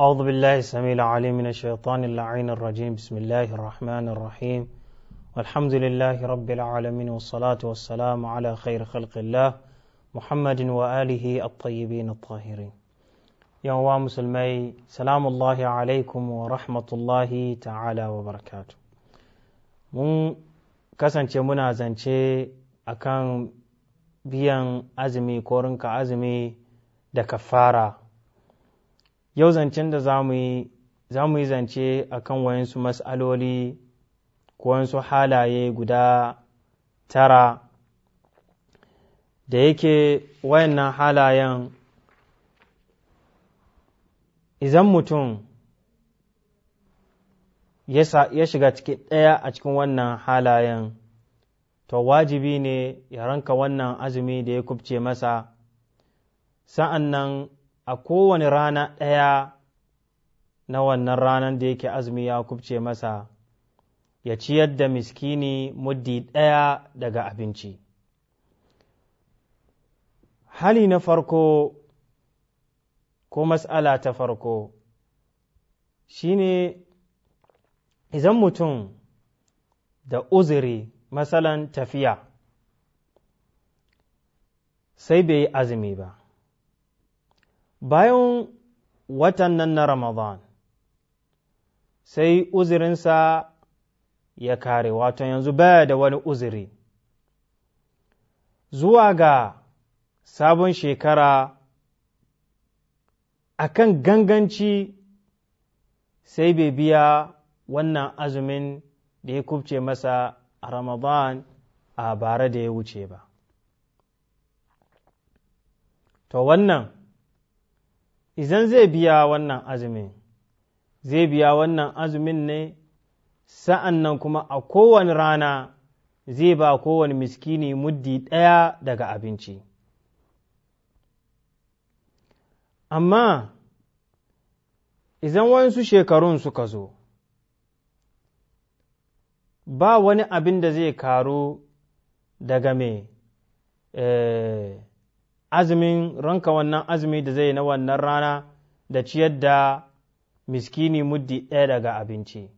أعوذ بالله السميع العليم من الشيطان اللعين الرجيم بسم الله الرحمن الرحيم والحمد لله رب العالمين والصلاة والسلام على خير خلق الله محمد وآله الطيبين الطاهرين يا مسلمي سلام الله عليكم ورحمة الله تعالى وبركاته من كسن منا زنشي أكان biyan azumi ko rinka azumi da kafara yau zancen da za mu yi zance a kan wayansu mas'aloli ko wayansu halaye guda tara da yake wayannan halayen idan mutum ya shiga cikin ɗaya a cikin wannan halayen to wajibi ne ya ranka wannan azumi da ya kubce masa sa'an nan a kowane rana ɗaya na wannan ranar da yake azumi ya kubce masa ya ciyar da miskini muddi ɗaya daga abinci hali na farko ko matsala ta farko shine idan mutum da uzuri matsalan tafiya sai bai yi azumi ba bayan watan nan na Ramadan sai uzirinsa ya kare wato yanzu baya da wani uziri zuwa ga sabon shekara a kan ganganci sai bai biya wannan azumin da ya kubce masa a Ramadan a bara da ya wuce ba. To wannan idan zai biya wannan azumin zai biya wannan azumin ne sa'an nan kuma a kowane rana zai ba kowane miskini muddi ɗaya daga abinci amma idan wasu shekarun suka zo ba wani abin da zai karu daga mai azumin ranka wannan azumi da zai na wannan rana da ciyar da miskini muddi ɗaya daga abinci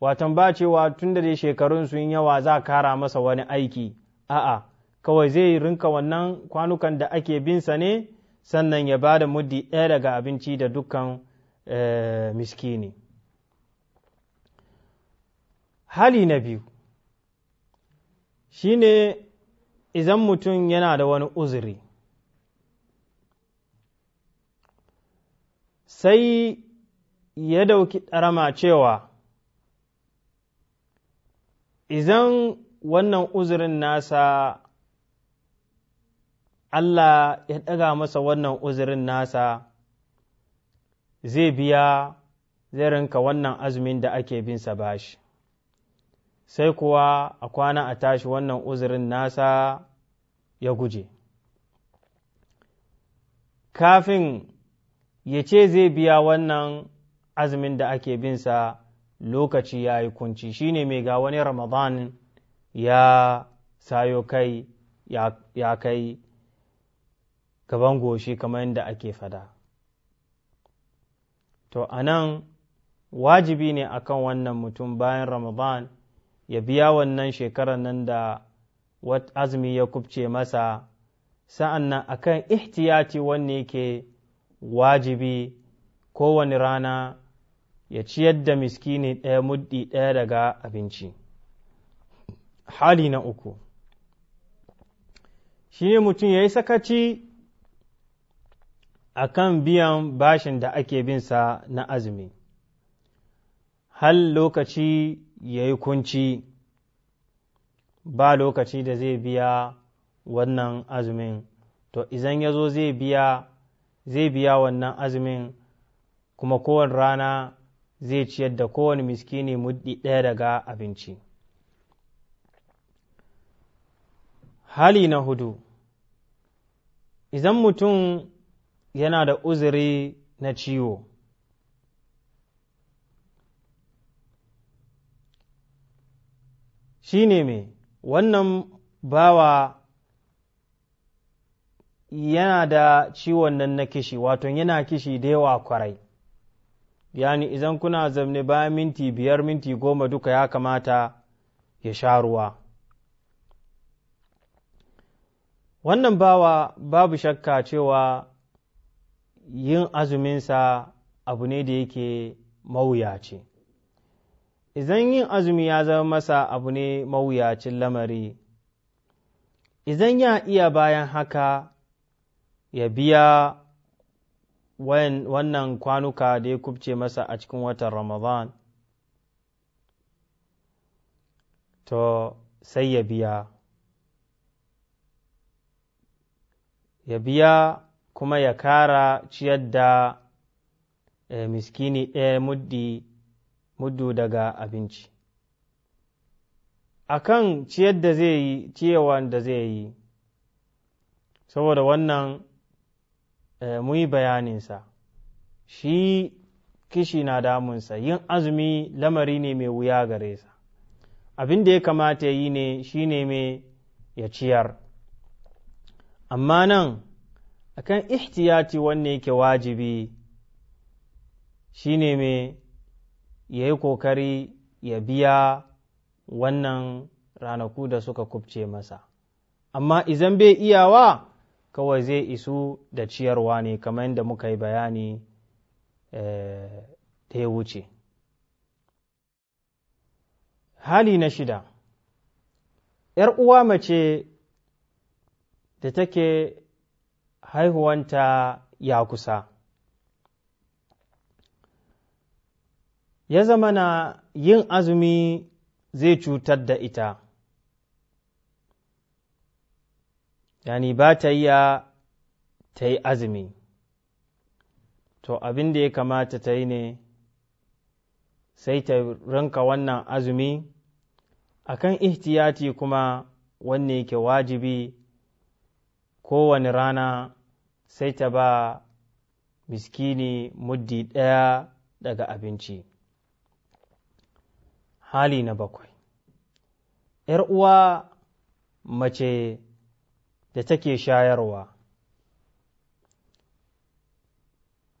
watan ba cewa tun da shekarun sun yawa za kara masa wani aiki a'a kawai zai yi rinka wannan kwanukan da ake binsa ne sannan ya ba da muddi ɗaya daga abinci da dukkan eh, miskini hali na biyu shine idan mutum yana da wani uzuri sai ya dauki ɗarama cewa izan wannan uzurin nasa Allah ya ɗaga masa wannan uzurin nasa zai biya zai rinka wannan azumin da ake binsa bashi sai kuwa a kwana a tashi wannan uzurin nasa ya guje kafin ya ce zai biya wannan azumin da ake binsa lokaci ya yi kunci shi ne mai ga wani ramadan ya sayo kai ya kai gaban goshi kamar yadda ake fada to a nan wajibi ne akan wannan mutum bayan ramadan ya biya wannan shekarar nan da azumi ya kubce masa sa'an nan akan ihtiyati wanne ke. wajibi kowane rana ya ciyar da miskini ɗaya muddi ɗaya daga abinci hali na uku shi ne mutum ya yi sakaci a kan biyan bashin da ake binsa na azumi hal lokaci ya yi kunci ba lokaci da zai biya wannan azumin to izan ya zo zai biya zai biya wannan azumin kuma kowane rana zai ciyar da kowane miskini muddi ɗaya daga abinci hali na hudu idan mutum yana da uzuri na ciwo shi ne mai wannan bawa yana da ciwon nan na kishi wato yana kishi da yawa kwarai yani idan kuna zamne bayan minti biyar minti goma duka ya kamata ya sha ruwa wannan bawa babu shakka cewa yin azuminsa abu ne da yake mawuyaci idan yin azumi ya zama masa abu ne mawuyacin lamari idan ya iya bayan haka ya biya wannan kwanuka da ya kubce masa a cikin watan ramadan to sai ya biya ya biya kuma ya kara ciyar da eh, miskini ɗaya eh, muddi muddu daga abinci a kan ciyar da zai yi ciyewan da zai yi saboda wannan Eh, mu yi bayaninsa shi kishi na damunsa yin azumi lamari ne mai wuya gare sa abin da ya kamata ya yi ne shi ne mai ya ciyar amma nan akan ihtiyati wanne yake wajibi shi ne mai ya yi kokari ya biya wannan ranaku da suka kubce masa amma izan bai iyawa kawai zai isu da ciyarwa ne kamar yadda muka yi bayani eh, ta wuce hali na shida ‘yar uwa mace da take haihuwanta ya kusa ya zama na yin azumi zai cutar da ita yani ba ta iya ta yi azumi to abin da ya kamata ta yi ne sai ta ranka wannan azumi akan ihtiyati kuma wanne yake wajibi kowane rana sai ta ba miskini muddi ɗaya daga abinci hali na bakwai uwa mace da take shayarwa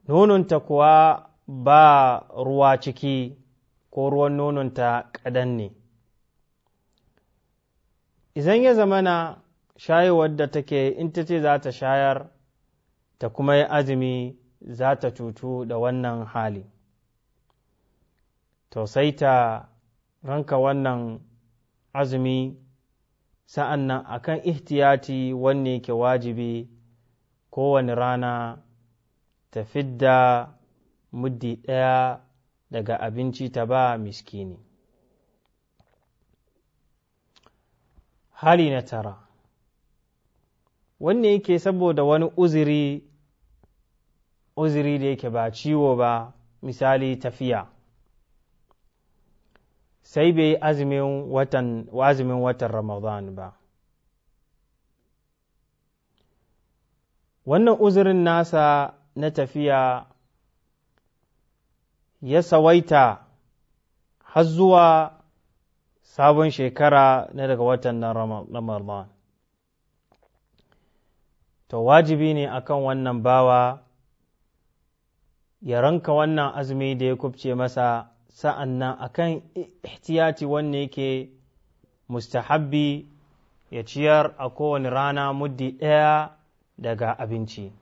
nononta kuwa ba ruwa ciki ko ruwan nononta ƙadan ne Izan ya zama zamana shayewar da take in ta ce za ta shayar ta kuma yi azumi za ta cutu da wannan hali to sai ta ranka wannan azumi sa'an nan a kan ihtiyati wanne ke wajibi kowane rana ta fidda muddi ɗaya daga abinci ta ba miskini hali na tara wanne yake saboda wani uziri uziri da yake ba ciwo ba misali tafiya sai bai yi watan azumin watan Ramadan ba wannan uzurin nasa na tafiya ya sawaita har zuwa sabon shekara na daga watan na Ramadan. To, wajibi ne akan wannan bawa ya ranka wannan azumi da ya kubce masa sa'an nan a kan ihtiyaci wanne yake mustahabbi ya ciyar a kowane rana muddi ɗaya daga abinci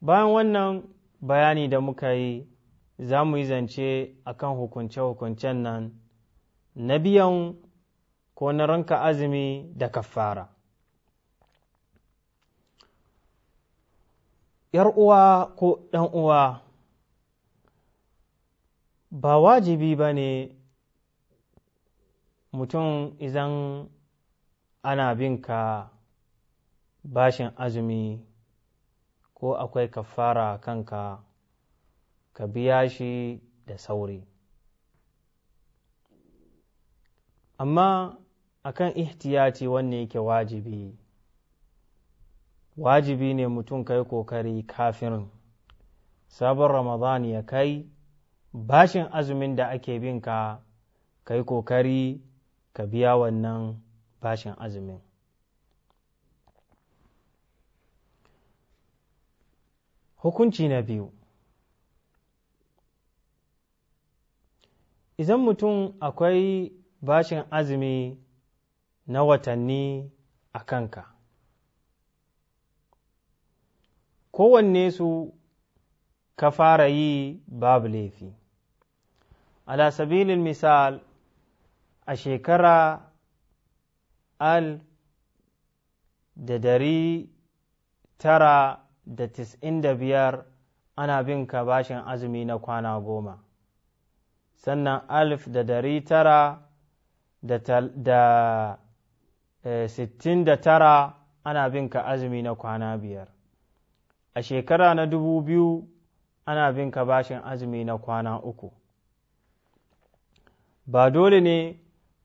bayan wannan bayani da muka yi za mu yi zance a kan hukunce-hukuncen nan na biyan ko na ranka azumi da kafara uwa ko uwa ba wajibi ba ne mutum izan ana binka bashin azumi ko akwai kafara kanka ka biya shi da sauri amma akan ihtiyati wanne yake wajibi wajibi ne mutum ka yi ƙoƙari kafin sabon ramadan ya kai bashin azumin da ake bin ka ka yi ƙoƙari ka biya wannan bashin azumin hukunci na biyu idan mutum akwai bashin azumi na watanni a kanka kowanne su ka fara yi babu laifi ala sabilin misal a shekara al da dari tara da tis'in da biyar ana bin ka bashin azumi na kwana goma sannan alif da dari tara da eh, sittin da tara ana bin ka azumi na kwana biyar a shekara na dubu biyu ana bin ka bashin azumi na kwana uku ba dole ne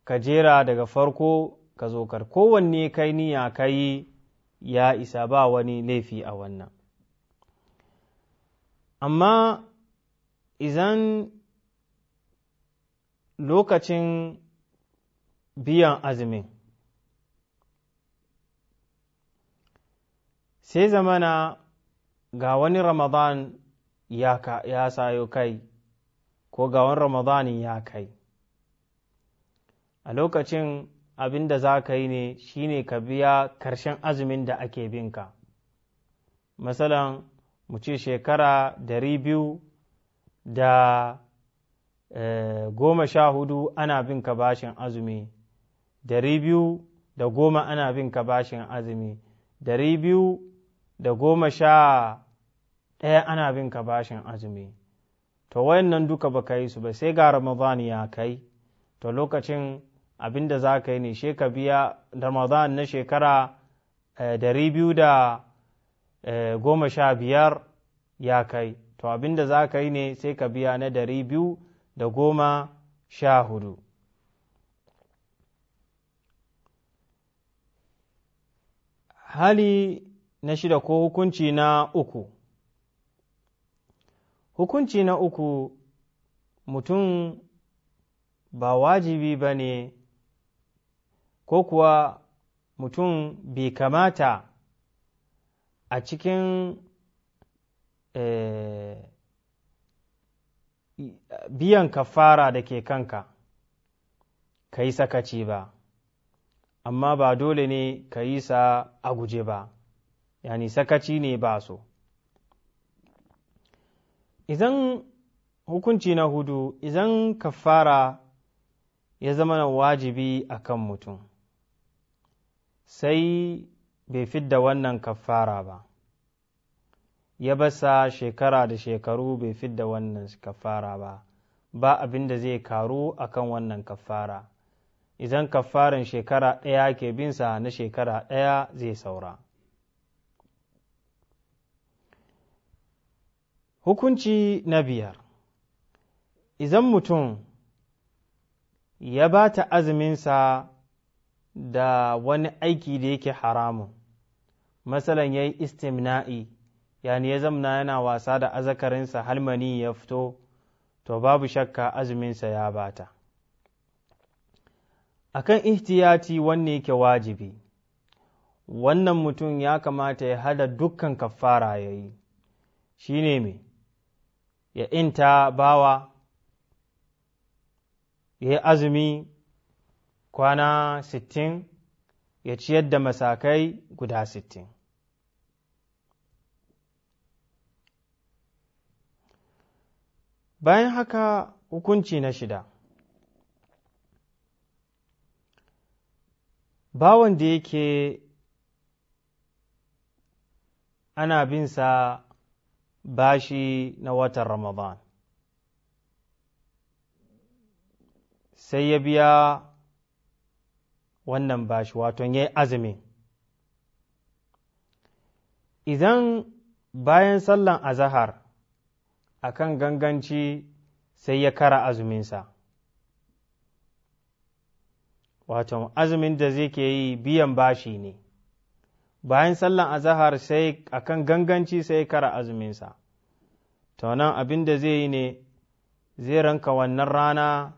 ka jera daga farko ka zo kar kowanne kai niyya ka yi ya isa ba wani laifi a wannan amma izan lokacin biyan azumin sai zamana ga wani ramadan ya sayo kai ko ga wani ramadanin ya kai a lokacin abin da za ka yi ne shi ne ka biya karshen azumin da ake bin ka. masalan mu ce shekara dari biyu da eh, goma sha hudu ana bin ka bashin azumi dari biyu da goma ana bin ka bashin azumi dari biyu da goma sha ɗaya ana bin ka bashin azumi to nan duka ba ka yi su ba sai ga ramadan ya kai to lokacin abin da za ka yi ne she ka biya ramadan na shekara dari eh, biyu da eh, goma sha biyar ya kai to abin da za ka yi ne sai ka biya na dari biyu da goma sha hudu hali na shida ko hukunci na uku hukunci na uku mutum ba wajibi ba ne ko kuwa mutum bai kamata a cikin eh, biyan kafara da ke kanka ka yi sakaci ba amma ba dole ne ka yi sa a guje ba yani sakaci ne ba so idan hukunci na hudu idan kafara ya zama wajibi a kan mutum sai bai fidda wannan kafara ba ya basa shekara da shekaru bai fidda wannan kafara ba ba abin da zai karu a kan wannan kafara idan kafaran shekara ɗaya ke binsa na shekara ɗaya zai saura hukunci na biyar idan mutum ya ba ta azuminsa da wani aiki da yake haramun masalan ya yi istimna'i yani ya zamna yana wasa da azakarinsa halmani ya fito to babu shakka azuminsa ya bata akan ihtiyati wanne yake wajibi wannan mutum ya kamata ya hada dukkan kaffara ya yi shi ne me ya inta bawa ya yi azumi kwana sittin ya ciyar da masakai guda sittin bayan haka hukunci na shida bawan da yake ana bin sa bashi na watan ramadan sai ya biya wannan ba shi waton ya yi azumin idan bayan sallan azahar a kan ganganci sai ya kara azuminsa wato azumin da zai ke yi biyan bashi ne bayan sallan azahar sai a kan ganganci sai kara azuminsa ta nan abin da zai yi ne zai ranka wannan rana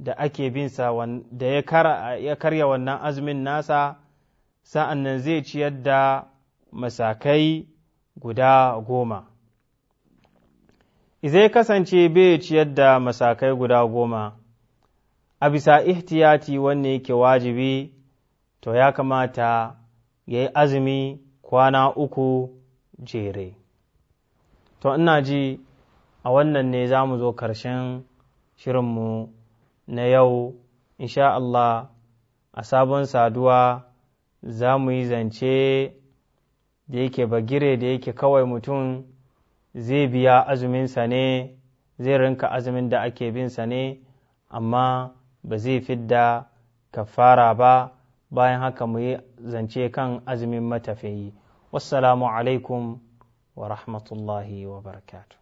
da ake sa da ya karya wannan azumin nasa sa'an nan zai ciyar da masakai guda goma. Izai kasance bai ciyar da masakai guda goma, a bisa ihtiyati wanne yake wajibi, to ya kamata ya yi azumi kwana uku jere. To, ina ji a wannan ne za mu zo ƙarshen shirinmu. na yau insha Allah a sabon saduwa za mu yi zance da yake bagire da yake kawai mutum zai biya azuminsa ne zai rinka azumin da ake binsa ne amma ba zai fidda kafara ba bayan haka mu yi zance kan azumin matafiyi wassalamu alaikum wa rahmatullahi wa barakatu